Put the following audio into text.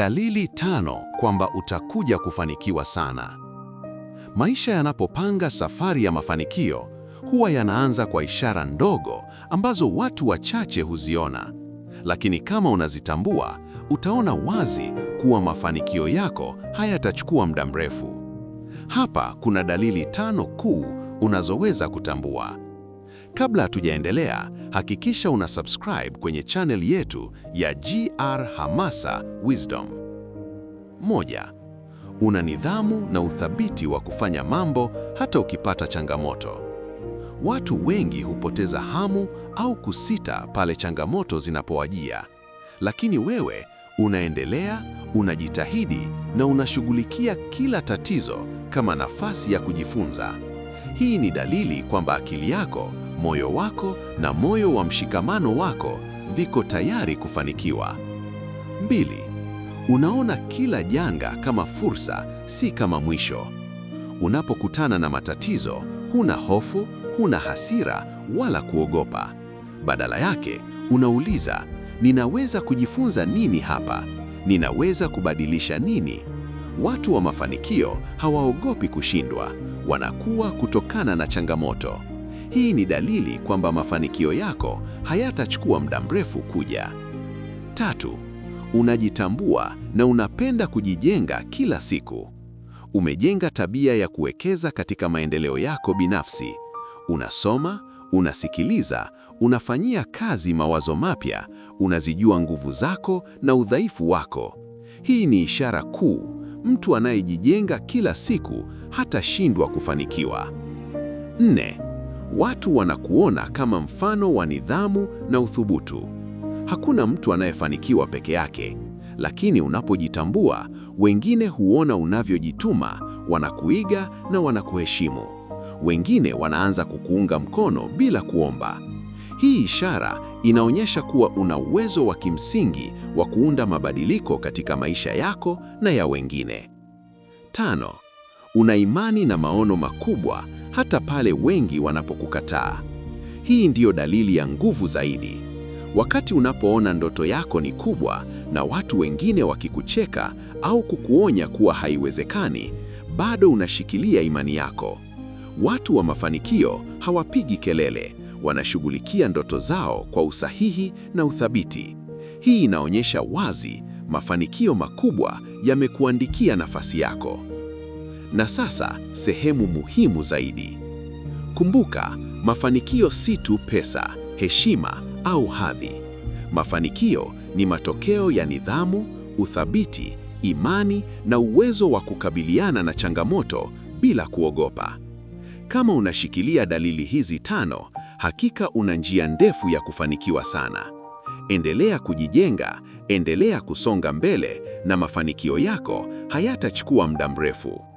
Dalili tano kwamba utakuja kufanikiwa sana. Maisha yanapopanga safari ya mafanikio huwa yanaanza kwa ishara ndogo ambazo watu wachache huziona, lakini kama unazitambua, utaona wazi kuwa mafanikio yako hayatachukua muda mrefu. Hapa kuna dalili tano kuu unazoweza kutambua. Kabla hatujaendelea, hakikisha una subscribe kwenye channel yetu ya GR Hamasa Wisdom. Moja, una nidhamu na uthabiti wa kufanya mambo hata ukipata changamoto. Watu wengi hupoteza hamu au kusita pale changamoto zinapowajia, lakini wewe unaendelea, unajitahidi na unashughulikia kila tatizo kama nafasi ya kujifunza. Hii ni dalili kwamba akili yako moyo wako na moyo wa mshikamano wako viko tayari kufanikiwa. Mbili, unaona kila janga kama fursa, si kama mwisho. Unapokutana na matatizo, huna hofu, huna hasira wala kuogopa. Badala yake, unauliza, ninaweza kujifunza nini hapa? Ninaweza kubadilisha nini? Watu wa mafanikio hawaogopi kushindwa, wanakuwa kutokana na changamoto. Hii ni dalili kwamba mafanikio yako hayatachukua muda mrefu kuja. Tatu, unajitambua na unapenda kujijenga kila siku. Umejenga tabia ya kuwekeza katika maendeleo yako binafsi. Unasoma, unasikiliza, unafanyia kazi mawazo mapya, unazijua nguvu zako na udhaifu wako. Hii ni ishara kuu. Mtu anayejijenga kila siku hatashindwa kufanikiwa. Nne, Watu wanakuona kama mfano wa nidhamu na uthubutu. Hakuna mtu anayefanikiwa peke yake, lakini unapojitambua, wengine huona unavyojituma, wanakuiga na wanakuheshimu. Wengine wanaanza kukuunga mkono bila kuomba. Hii ishara inaonyesha kuwa una uwezo wa kimsingi wa kuunda mabadiliko katika maisha yako na ya wengine. Tano, Una imani na maono makubwa hata pale wengi wanapokukataa. Hii ndiyo dalili ya nguvu zaidi. Wakati unapoona ndoto yako ni kubwa na watu wengine wakikucheka au kukuonya kuwa haiwezekani, bado unashikilia imani yako. Watu wa mafanikio hawapigi kelele, wanashughulikia ndoto zao kwa usahihi na uthabiti. Hii inaonyesha wazi mafanikio makubwa yamekuandikia nafasi yako. Na sasa sehemu muhimu zaidi. Kumbuka, mafanikio si tu pesa, heshima au hadhi. Mafanikio ni matokeo ya nidhamu, uthabiti, imani na uwezo wa kukabiliana na changamoto bila kuogopa. Kama unashikilia dalili hizi tano, hakika una njia ndefu ya kufanikiwa sana. Endelea kujijenga, endelea kusonga mbele na mafanikio yako hayatachukua muda mrefu.